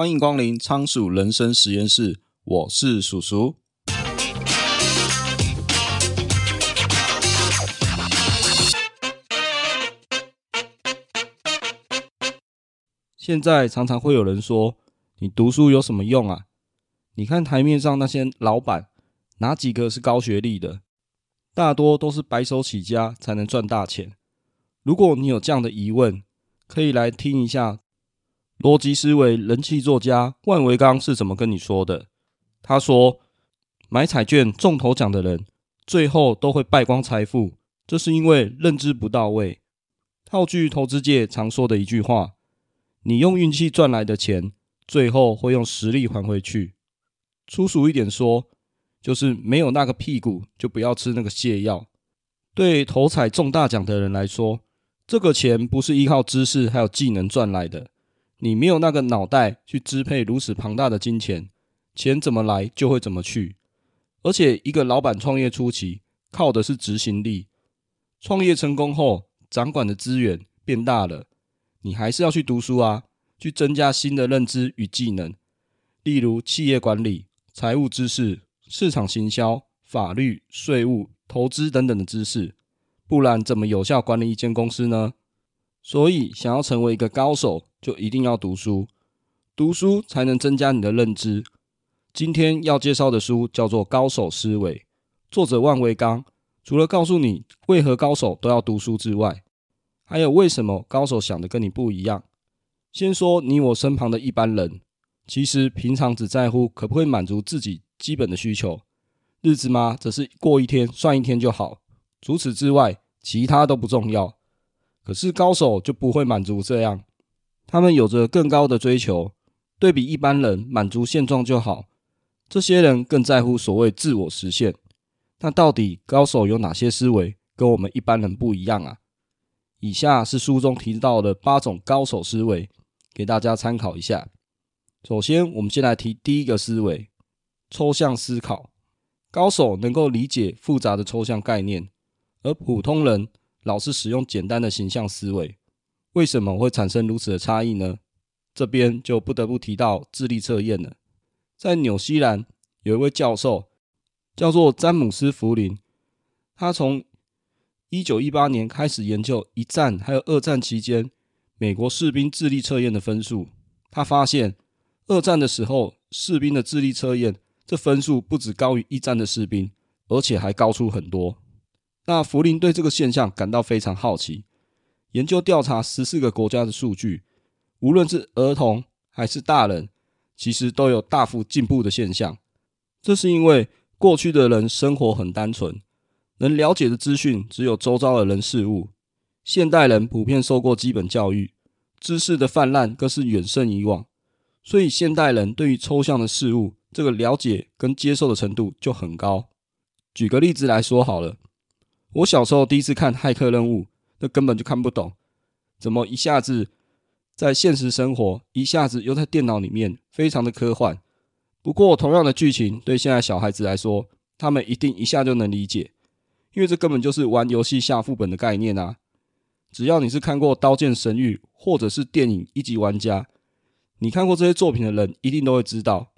歡迎光臨倉鼠人生實驗室，我是鼠鼠。現在常常會有人說：“你讀書有什麼用啊？”你看台面上那些老闆，哪幾個是高學歷的？大多都是白手起家才能賺大錢。如果你有這樣的疑問，可以來聽一下。邏輯思維人氣作家萬維鋼是怎麼跟你說的？他說：“買彩券中頭獎的人，最後都會敗光財富，這是因為認知不到位。套句投資界常說的一句話：你用運氣賺來的錢，最後會用實力還回去。粗俗一點說，就是沒有那個屁股，就不要吃那個瀉藥。對頭彩中大獎的人來說，這個錢不是依靠知識還有技能賺來的。”你沒有那個腦袋去支配如此龐大的金錢，錢怎麼來就會怎麼去。而且，一個老闆創業初期靠的是執行力，創業成功後，掌管的資源變大了，你還是要去讀書啊，去增加新的認知與技能，例如企業管理、財務知識、市場行銷、法律、稅務、投資等等的知識，不然怎麼有效管理一間公司呢？所以，想要成為一個高手，就一定要讀書。讀書才能增加你的認知。今天要介紹的書叫做《高手思維》，作者萬維鋼。除了告訴你為何高手都要讀書之外，還有為什麼高手想的跟你不一樣。先說你我身旁的一般人，其實平常只在乎可不可以滿足自己基本的需求，日子嘛，只是過一天算一天就好，除此之外，其他都不重要。可是高手就不會滿足這樣，他們有着更高的追求。對比一般人，滿足現狀就好，這些人更在乎所謂自我實現。那到底高手有哪些思維跟我們一般人不一樣啊？以下是書中提到的八種高手思維，給大家參考一下。首先，我們先來提第一個思維：抽象思考。高手能夠理解複雜的抽象概念，而普通人……老是使用簡單的形象思維，為什麼會產生如此的差異呢？這邊就不得不提到智力測驗了。在紐西蘭有一位教授叫做詹姆斯·弗林，他從一九一八年開始研究一戰還有二戰期間美國士兵智力測驗的分數。他發現二戰的時候，士兵的智力測驗這分數不止高於一戰的士兵，而且還高出很多。那福林對這個現象感到非常好奇，研究調查十四個國家的數據，無論是兒童還是大人，其實都有大幅進步的現象。這是因為過去的人生活很單純，能了解的資訊只有周遭的人事物；現代人普遍受過基本教育，知識的泛濫更是遠勝以往，所以現代人對於抽象的事物，這個了解跟接受的程度就很高。舉個例子來說好了。我小時候第一次看《駭客任務》，那根本就看不懂。怎麼一下子在現實生活，一下子又在電腦裡面，非常的科幻。不過，同樣的劇情對現在小孩子來說，他們一定一下就能理解，因為這根本就是玩遊戲下副本的概念啊。只要你是看過《刀劍神域》或者是電影《一級玩家》，你看過這些作品的人一定都會知道。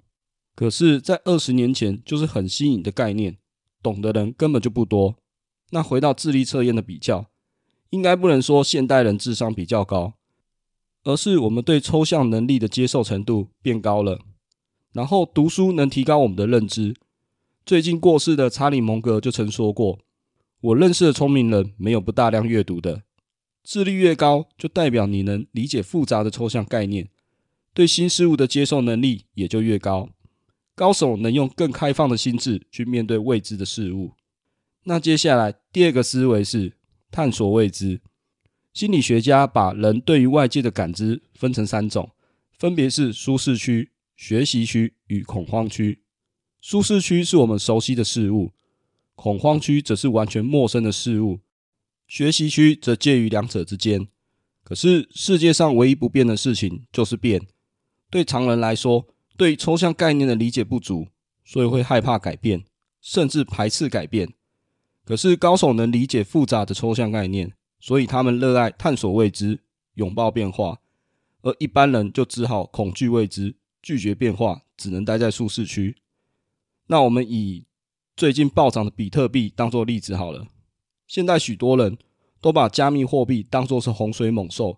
可是，在二十年前，就是很新穎的概念，懂的人根本就不多。那回到智力測驗的比較，應該不能說現代人智商比較高，而是我們對抽象能力的接受程度變高了。然後讀書能提高我們的認知。最近過世的查理蒙格就曾說過：“我認識的聰明人沒有不大量閱讀的。智力越高，就代表你能理解複雜的抽象概念，對新事物的接受能力也就越高。高手能用更開放的心智去面對未知的事物。”那接下來第二個思維是探索未知。心理學家把人對於外界的感知分成三種，分別是舒適區、學習區與恐慌區。舒適區是我們熟悉的事物，恐慌區則是完全陌生的事物，學習區則介於兩者之間。可是世界上唯一不變的事情就是變。對常人來說，對抽象概念的理解不足，所以會害怕改變，甚至排斥改變。可是高手能理解複雜的抽象概念，所以他們熱愛探索未知，擁抱變化；而一般人就只好恐懼未知，拒絕變化，只能待在舒適區。那我們以最近暴漲的比特幣當作例子好了。現在許多人都把加密貨幣當作是洪水猛獸，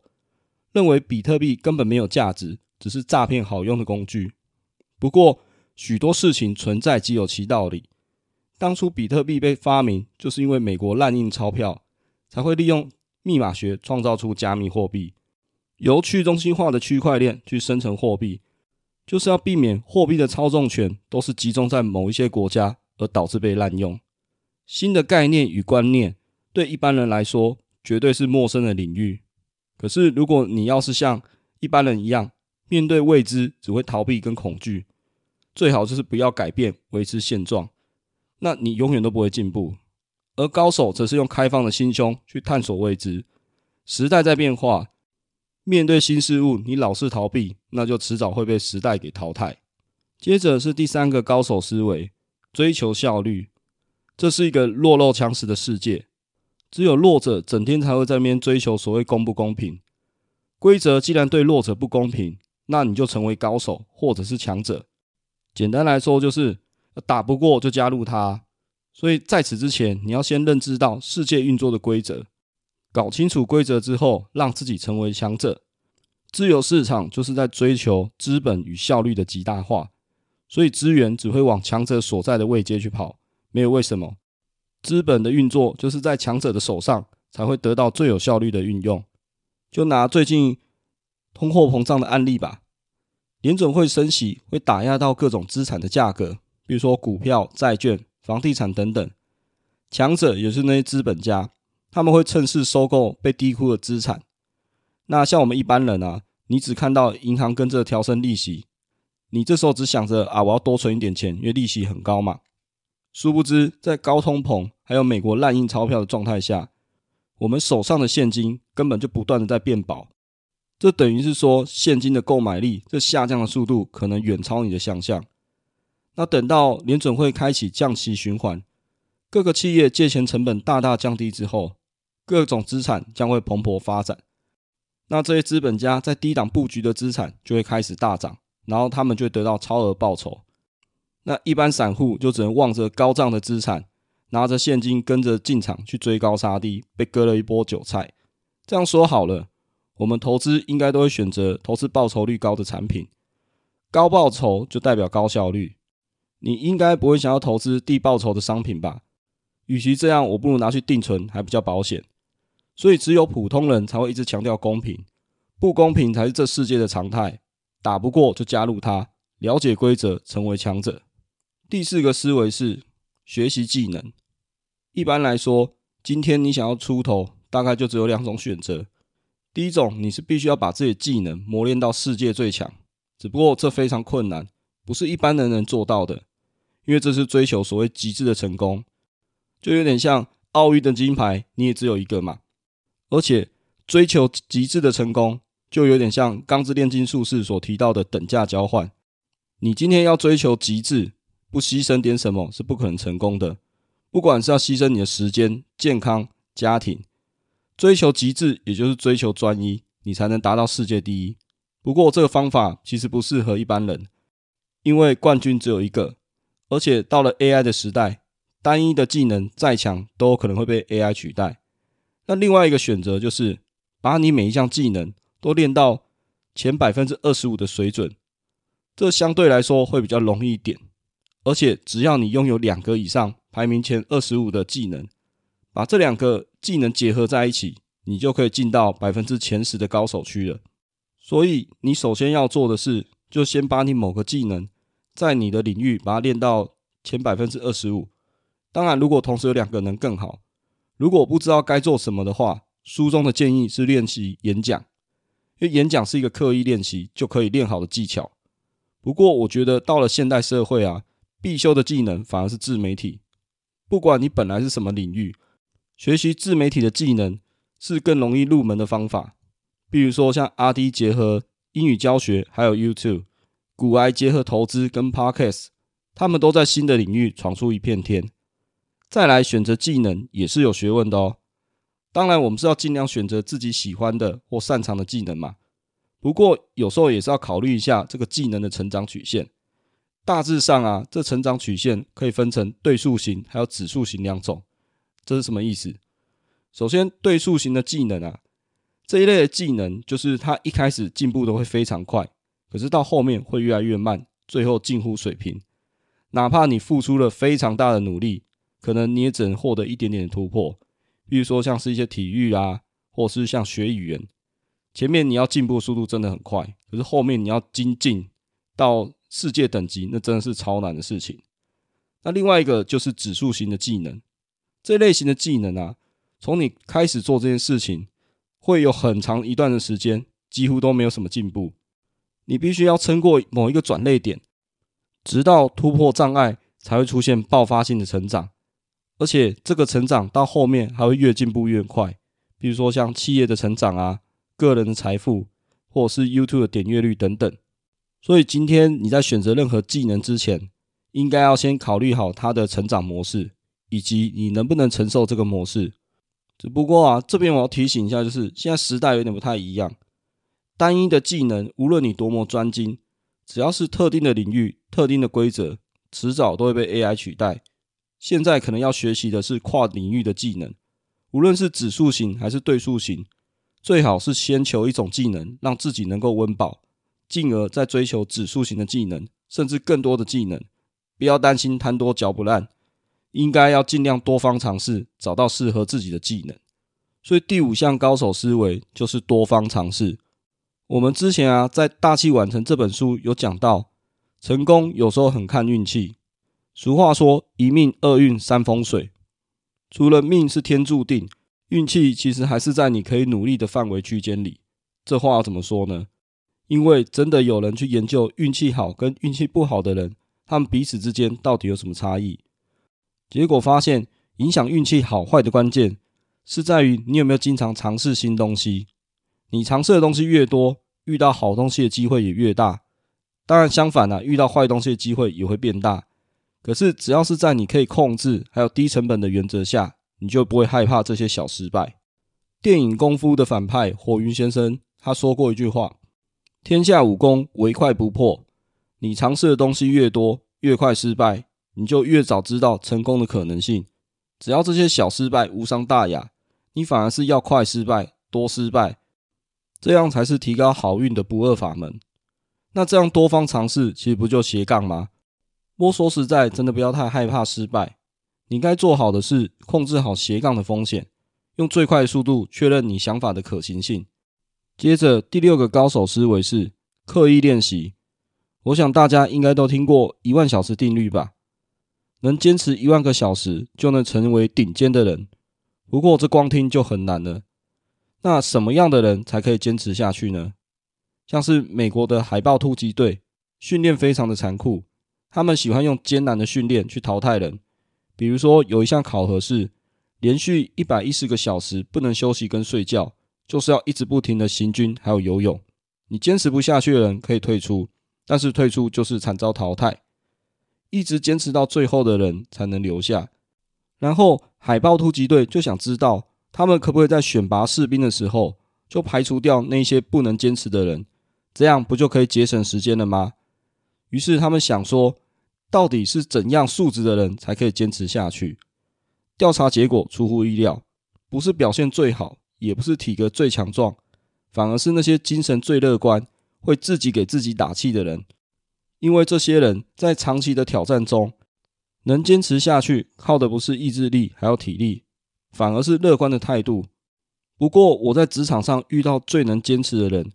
認為比特幣根本沒有價值，只是詐騙好用的工具。不過許多事情存在即有其道理。當初比特幣被發明，就是因為美國濫印鈔票，才會利用密碼學創造出加密貨幣，由去中心化的區塊鏈去生成貨幣，就是要避免貨幣的操縱權都是集中在某一些國家，而導致被濫用。新的概念與觀念，對一般人來說絕對是陌生的領域。可是，如果你要是像一般人一樣，面對未知只會逃避跟恐懼，最好就是不要改變，維持現狀。那你永遠都不會進步，而高手則是用開放的心胸去探索未知。時代在變化，面對新事物，你老是逃避，那就遲早會被時代給淘汰。接着是第三個高手思維，追求效率。這是一個弱肉強食的世界，只有弱者整天才會在那邊追求所謂公不公平。規則既然對弱者不公平，那你就成為高手或者是強者。簡單來說就是。打不過就加入他，所以在此之前，你要先認知到世界運作的規則，搞清楚規則之後，讓自己成為強者。自由市場就是在追求資本與效率的極大化，所以資源只會往強者所在的位階去跑，沒有為什麼。資本的運作就是在強者的手上才會得到最有效率的運用。就拿最近通貨膨脹的案例吧，聯準會升息會打壓到各種資產的價格。比如說股票、債券、房地產等等，強者也是那些資本家，他們會趁勢收購被低估的資產。那像我們一般人啊，你只看到銀行跟着調升利息，你這時候只想着啊，我要多存一點錢，因為利息很高嘛。殊不知，在高通膨還有美國濫印鈔票的狀態下，我們手上的現金根本就不斷的在變薄，這等於是說現金的購買力，這下降的速度可能遠超你的想象。那等到聯準會開啟降息循環，各個企業借錢成本大大降低之後，各種資產將會蓬勃發展。那這些資本家在低檔佈局的資產就會開始大漲，然後他們就得到超額報酬。那一般散戶就只能望着高漲的資產，拿着現金跟着進場去追高殺低，被割了一波韭菜。這樣說好了，我們投資應該都會選擇投資報酬率高的產品，高報酬就代表高效率。你應該不會想要投資低報酬的商品吧？與其這樣，我不如拿去定存，還比較保險。所以，只有普通人才會一直強調公平，不公平才是這世界的常態。打不過就加入他，了解規則，成為強者。第四個思維是學習技能。一般來說，今天你想要出頭，大概就只有兩種選擇。第一種，你是必須要把自己的技能磨練到世界最強，只不過這非常困難，不是一般人能做到的。因為這是追求所謂極致的成功，就有點像奧運的金牌，你也只有一個嘛。而且追求極致的成功，就有點像《鋼之煉金術士》所提到的等價交換。你今天要追求極致，不犧牲點什麼是不可能成功的。不管是要犧牲你的時間、健康、家庭，追求極致也就是追求專一，你才能達到世界第一。不過這個方法其實不適合一般人，因為冠軍只有一個。而且到了 AI 的時代，單一的技能再強，都可能會被 AI 取代。那另外一個選擇就是，把你每一項技能都練到前百分之二十五的水準，這相對來說會比較容易一點。而且只要你擁有兩個以上排名前二十五的技能，把這兩個技能結合在一起，你就可以進到百分之前十的高手區了。所以你首先要做的是，就先把你某個技能。在你的領域把它練到前百分之二十五。當然，如果同時有兩個能更好。如果不知道該做什麼的話，書中的建議是練習演講，因為演講是一個刻意練習就可以練好的技巧。不過，我覺得到了現代社會啊，必修的技能反而是自媒體。不管你本來是什麼領域，學習自媒體的技能是更容易入門的方法。比如說，像阿滴結合英語教學，還有 YouTube。股埃結合投資跟 Parkes，他們都在新的領域闖出一片天。再來選擇技能也是有學問的哦。當然，我們是要盡量選擇自己喜歡的或擅長的技能嘛。不過，有時候也是要考慮一下這個技能的成長曲線。大致上啊，這成長曲線可以分成對數型還有指數型兩種。這是什麼意思？首先，對數型的技能啊，這一類的技能就是它一開始進步都會非常快。可是到後面會越來越慢，最後近乎水平。哪怕你付出了非常大的努力，可能你也只能獲得一點點的突破。比如說像是一些體育啊，或是像學語言。前面你要進步速度真的很快，可是後面你要精進到世界等級，那真的是超難的事情。那另外一個就是指數型的技能，這類型的技能啊，從你開始做這件事情，會有很長一段的時間，幾乎都沒有什麼進步。你必須要撐過某一個轉捩點，直到突破障礙，才會出現爆發性的成長。而且這個成長到後面還會越進步越快。比如說像企業的成長啊，個人的財富，或者是 YouTube 的點閱率等等。所以今天你在選擇任何技能之前，應該要先考慮好它的成長模式，以及你能不能承受這個模式。只不過啊，這邊我要提醒一下，就是現在時代有點不太一樣。單一的技能，無論你多麼專精，只要是特定的領域、特定的規則，遲早都會被 AI 取代。現在可能要學習的是跨領域的技能，無論是指數型還是對數型，最好是先求一種技能，讓自己能夠溫飽，進而再追求指數型的技能，甚至更多的技能。不要擔心貪多嚼不爛，應該要儘量多方嘗試，找到適合自己的技能。所以第五項高手思維就是多方嘗試。我們之前啊，在《大器晚成》這本書有講到，成功有時候很看運氣。俗話說“一命二運三風水”，除了命是天注定，運氣其實還是在你可以努力的範圍區間裡。這話要怎麼說呢？因為真的有人去研究運氣好跟運氣不好的人，他們彼此之間到底有什麼差異？結果發現，影響運氣好壞的關鍵是在於你有沒有經常嘗試新東西。你嘗試的東西越多，遇到好東西的機會也越大。當然，相反呢、啊，遇到壞東西的機會也會變大。可是，只要是在你可以控制還有低成本的原則下，你就不會害怕這些小失敗。電影《功夫》的反派火雲先生他說過一句話：“天下武功，唯快不破。”你嘗試的東西越多，越快失敗，你就越早知道成功的可能性。只要這些小失敗無傷大雅，你反而是要快失敗，多失敗。這樣才是提高好運的不二法門。那這樣多方嘗試，其實不就斜槓嗎？摸索實在，真的不要太害怕失敗。你該做好的是控制好斜槓的風險，用最快的速度確認你想法的可行性。接着，第六個高手思維是刻意練習。我想大家應該都聽過一萬小時定律吧？能堅持一萬個小時，就能成為頂尖的人。不過這光聽就很難了。那什麼樣的人才可以堅持下去呢？像是美國的海豹突擊隊，訓練非常的殘酷，他們喜歡用艱難的訓練去淘汰人。比如說有一項考核是連續一百一十個小時不能休息跟睡覺，就是要一直不停的行軍還有游泳。你堅持不下去的人可以退出，但是退出就是慘遭淘汰。一直堅持到最後的人才能留下。然後海豹突擊隊就想知道。他們可不可以在選拔士兵的時候就排除掉那些不能堅持的人？這樣不就可以節省時間了嗎？於是他們想說，到底是怎樣素質的人才可以堅持下去？調查結果出乎意料，不是表現最好，也不是體格最強壯，反而是那些精神最樂觀、會自己給自己打氣的人。因為這些人在長期的挑戰中能堅持下去，靠的不是意志力，還有體力。反而是樂觀的態度。不過，我在職場上遇到最能堅持的人，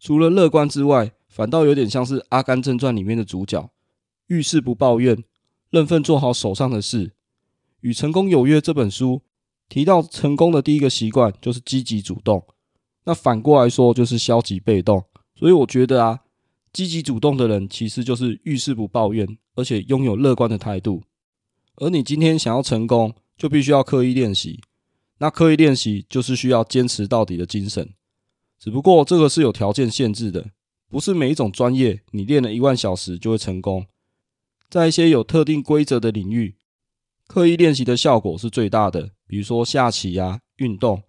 除了樂觀之外，反倒有點像是《阿甘正傳》裡面的主角，遇事不抱怨，認份做好手上的事。《與成功有約》這本書提到，成功的第一個習慣就是積極主動，那反過來說就是消極被動。所以，我覺得啊，積極主動的人其實就是遇事不抱怨，而且擁有樂觀的態度。而你今天想要成功，就必須要刻意練習，那刻意練習就是需要堅持到底的精神，只不過這個是有條件限制的，不是每一種專業你練了一萬小時就會成功。在一些有特定規則的領域，刻意練習的效果是最大的，比如說下棋啊、運動。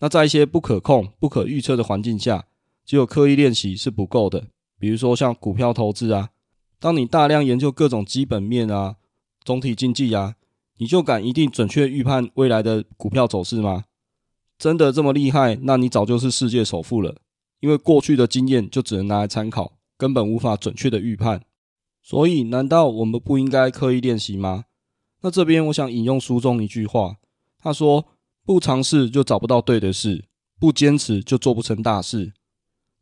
那在一些不可控、不可預測的環境下，只有刻意練習是不夠的，比如說像股票投資啊，當你大量研究各種基本面啊、總體經濟啊。你就敢一定準確預判未來的股票走勢嗎？真的這麼厲害？那你早就是世界首富了。因為過去的經驗就只能拿來參考，根本無法準確的預判。所以，難道我們不應該刻意練習嗎？那這邊我想引用書中一句話，他說：“不嘗試就找不到對的事，不堅持就做不成大事。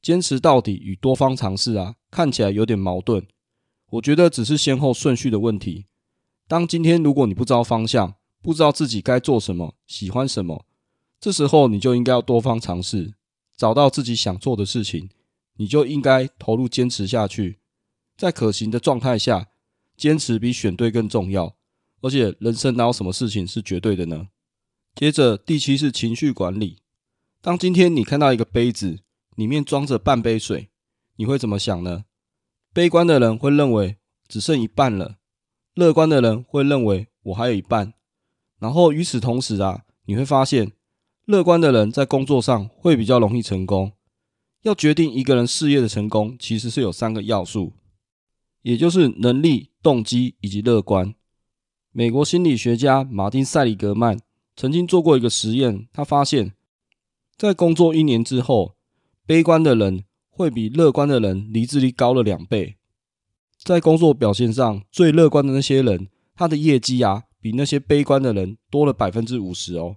堅持到底與多方嘗試啊，看起來有點矛盾。我覺得只是先後順序的問題。”當今天如果你不知道方向，不知道自己該做什麼、喜歡什麼，這時候你就應該要多方嘗試，找到自己想做的事情，你就應該投入堅持下去。在可行的狀態下，堅持比選對更重要。而且人生哪有什麼事情是絕對的呢？接着第七是情緒管理。當今天你看到一個杯子裡面裝着半杯水，你會怎麼想呢？悲觀的人會認為只剩一半了。樂觀的人會認為我還有一半，然後與此同時啊，你會發現樂觀的人在工作上會比較容易成功。要決定一個人事業的成功，其實是有三個要素，也就是能力、動機以及樂觀。美國心理學家馬丁·塞里格曼曾經做過一個實驗，他發現，在工作一年之後，悲觀的人會比樂觀的人離職率高了兩倍。在工作表現上最樂觀的那些人，他的業績啊，比那些悲觀的人多了百分之五十哦。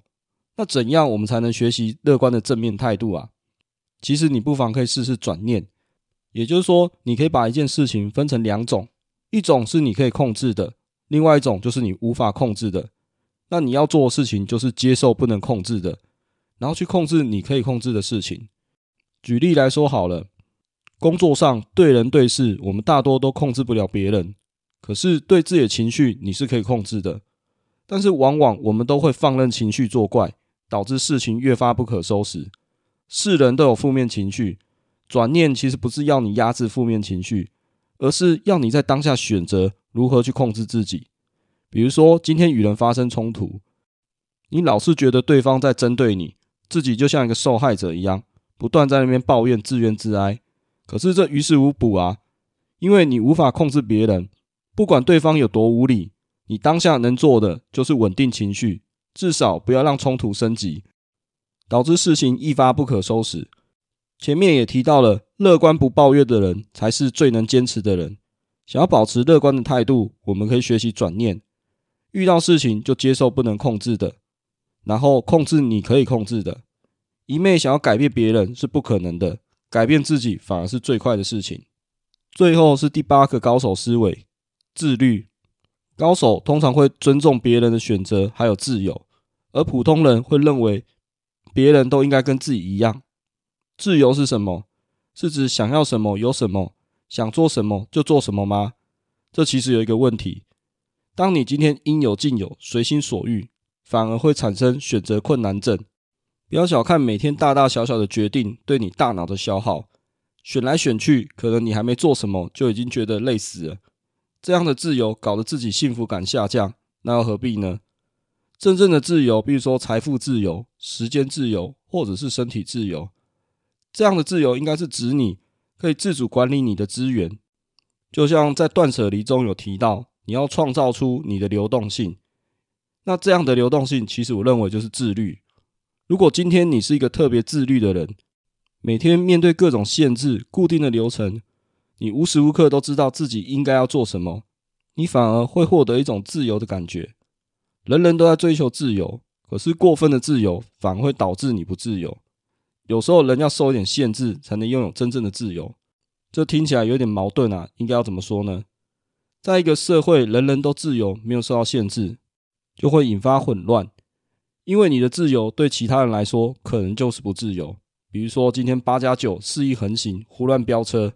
那怎樣我們才能學習樂觀的正面態度啊？其實你不妨可以試試轉念，也就是說，你可以把一件事情分成兩種，一種是你可以控制的，另外一種就是你無法控制的。那你要做的事情就是接受不能控制的，然後去控制你可以控制的事情。舉例來說好了。工作上對人對事，我們大多都控制不了別人，可是對自己的情緒你是可以控制的。但是往往我們都會放任情緒作怪，導致事情越發不可收拾。是人都有負面情緒，轉念其實不是要你壓制負面情緒，而是要你在當下選擇如何去控制自己。比如說今天與人發生衝突，你老是覺得對方在針對你，自己就像一個受害者一樣，不斷在那邊抱怨、自怨自哀。可是這於事無補啊，因為你無法控制別人，不管對方有多無理，你當下能做的就是穩定情緒，至少不要讓衝突升級，導致事情一發不可收拾。前面也提到了，樂觀不抱怨的人才是最能堅持的人。想要保持樂觀的態度，我們可以學習轉念，遇到事情就接受不能控制的，然後控制你可以控制的。一味想要改變別人是不可能的。改變自己反而是最快的事情。最後是第八個高手思維：自律。高手通常會尊重別人的選擇，還有自由，而普通人會認為別人都應該跟自己一樣。自由是什麼？是指想要什麼有什麼，想做什麼就做什麼嗎？這其實有一個問題：當你今天應有盡有、隨心所欲，反而會產生選擇困難症。不要小看每天大大小小的決定對你大腦的消耗，選來選去，可能你還沒做什麼，就已經覺得累死了。這樣的自由搞得自己幸福感下降，那又何必呢？真正的自由，比如說財富自由、時間自由，或者是身體自由，這樣的自由應該是指你可以自主管理你的資源。就像在斷舍離中有提到，你要創造出你的流動性。那這樣的流動性，其實我認為就是自律。如果今天你是一個特別自律的人，每天面對各種限制、固定的流程，你無時無刻都知道自己應該要做什麼，你反而會獲得一種自由的感覺。人人都在追求自由，可是過分的自由反而會導致你不自由。有時候人要受一點限制，才能擁有真正的自由。這聽起來有點矛盾啊，應該要怎麼說呢？在一個社會，人人都自由，沒有受到限制，就會引發混亂。因為你的自由對其他人來說可能就是不自由。比如說，今天八加九肆意橫行、胡亂飆車，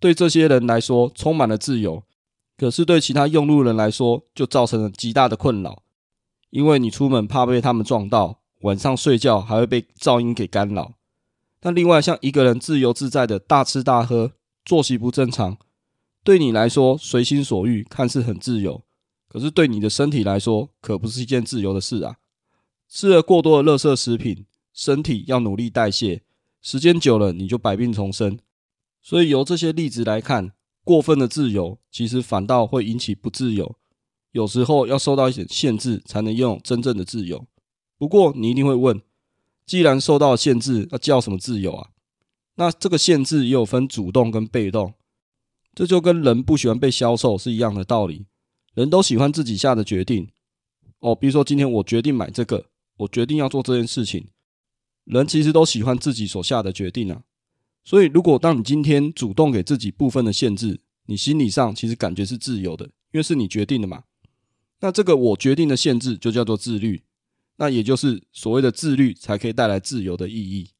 對這些人來說充滿了自由，可是對其他用路人來說就造成了極大的困擾。因為你出門怕被他們撞到，晚上睡覺還會被噪音給干擾。但另外，像一個人自由自在的大吃大喝、作息不正常，對你來說隨心所欲，看似很自由，可是對你的身體來說可不是一件自由的事啊。吃了過多的垃圾食品，身體要努力代謝，時間久了你就百病叢生。所以由這些例子來看，過分的自由其實反倒會引起不自由，有時候要受到一些限制，才能擁有真正的自由。不過你一定會問，既然受到了限制，那、啊、叫什麼自由啊？那這個限制也有分主動跟被動，這就跟人不喜歡被銷售是一樣的道理。人都喜歡自己下的決定。哦，比如說今天我決定買這個。我決定要做這件事情，人其實都喜歡自己所下的決定啊，所以如果當你今天主動給自己部分的限制，你心理上其實感覺是自由的，因為是你決定的嘛。那這個我決定的限制就叫做自律，那也就是所謂的自律才可以帶來自由的意義。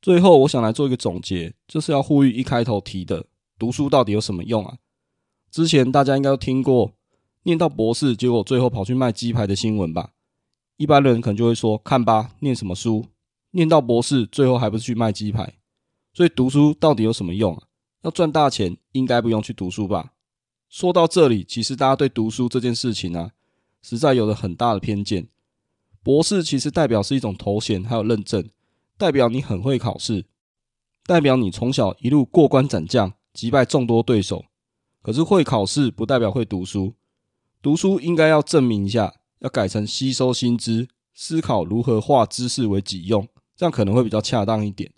最後，我想來做一個總結，就是要呼籲一開頭提的讀書到底有什麼用啊？之前大家應該都聽過念到博士，結果最後跑去賣雞排的新聞吧。一般的人可能就會說：“看吧，念什麼書，念到博士，最後還不是去賣雞排？所以讀書到底有什麼用啊？要賺大錢，應該不用去讀書吧？”說到這裡，其實大家對讀書這件事情啊，實在有了很大的偏見。博士其實代表是一種頭銜，還有認證，代表你很會考試，代表你從小一路過關斬將，擊敗眾多對手。可是會考試不代表會讀書，讀書應該要證明一下。要改成吸收新知，思考如何化知識為己用，這樣可能會比較恰當一點。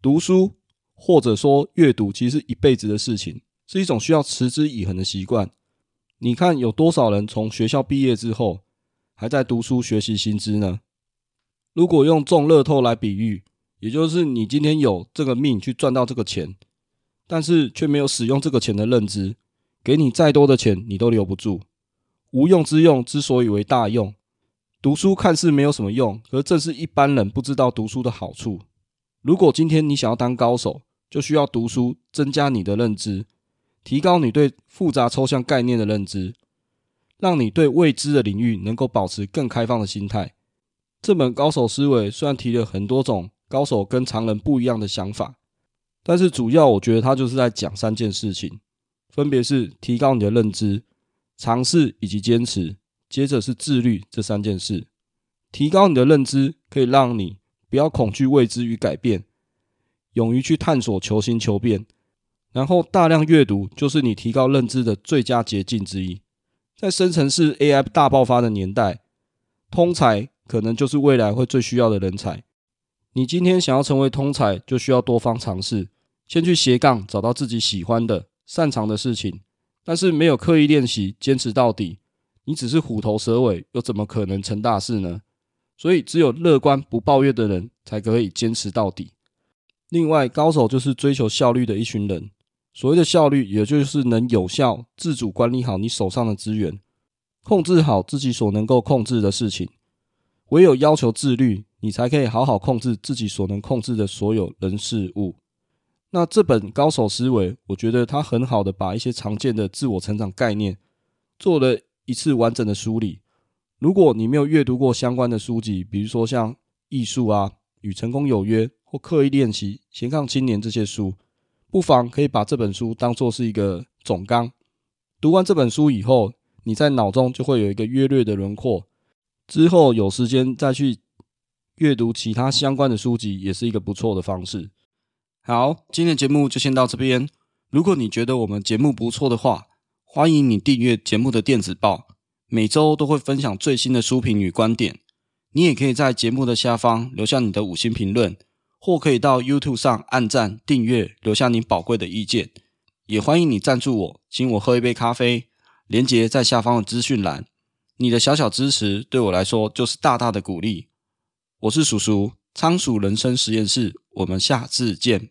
讀書或者說閱讀，其實是一輩子的事情，是一種需要持之以恆的習慣。你看有多少人從學校畢業之後，還在讀書學習新知呢？如果用中樂透來比喻，也就是你今天有這個命去賺到這個錢，但是卻沒有使用這個錢的認知，給你再多的錢，你都留不住。無用之用之所以為大用，讀書看似沒有什麼用，可是正是一般人不知道讀書的好處。如果今天你想要當高手，就需要讀書增加你的認知，提高你對複雜抽象概念的認知，讓你對未知的領域能夠保持更開放的心態。這本《高手思維》雖然提了很多種高手跟常人不一樣的想法，但是主要我覺得它就是在講三件事情，分別是提高你的認知。嘗試以及堅持，接着是自律這三件事，提高你的認知，可以讓你不要恐懼未知與改變，勇於去探索求新求變。然後大量閱讀就是你提高認知的最佳捷徑之一。在生成式 AI 大爆發的年代，通才可能就是未來會最需要的人才。你今天想要成為通才，就需要多方嘗試，先去斜槓找到自己喜歡的、擅長的事情。但是沒有刻意練習，堅持到底，你只是虎頭蛇尾，又怎麼可能成大事呢？所以只有樂觀不抱怨的人才可以堅持到底。另外，高手就是追求效率的一群人，所謂的效率，也就是能有效自主管理好你手上的資源，控制好自己所能夠控制的事情。唯有要求自律，你才可以好好控制自己所能控制的所有人事物。那這本《高手思維》，我覺得它很好的把一些常見的自我成長概念做了一次完整的梳理。如果你沒有閱讀過相關的書籍，比如說像《藝術啊與成功有約》或《刻意練習》《斜槓青年》這些書，不妨可以把這本書當做是一個總綱。讀完這本書以後，你在腦中就會有一個約略的輪廓。之後有時間再去閱讀其他相關的書籍，也是一個不錯的方式。好，今天的節目就先到這邊。如果你覺得我們節目不錯的話，歡迎你訂閱節目的電子報，每周都會分享最新的書評與觀點。你也可以在節目的下方留下你的五星評論，或可以到 YouTube 上按讚訂閱，留下你寶貴的意見。也歡迎你贊助我，請我喝一杯咖啡，連結在下方的資訊欄。你的小小支持對我來說就是大大的鼓勵。我是鼠鼠，倉鼠人生實驗室，我們下次見。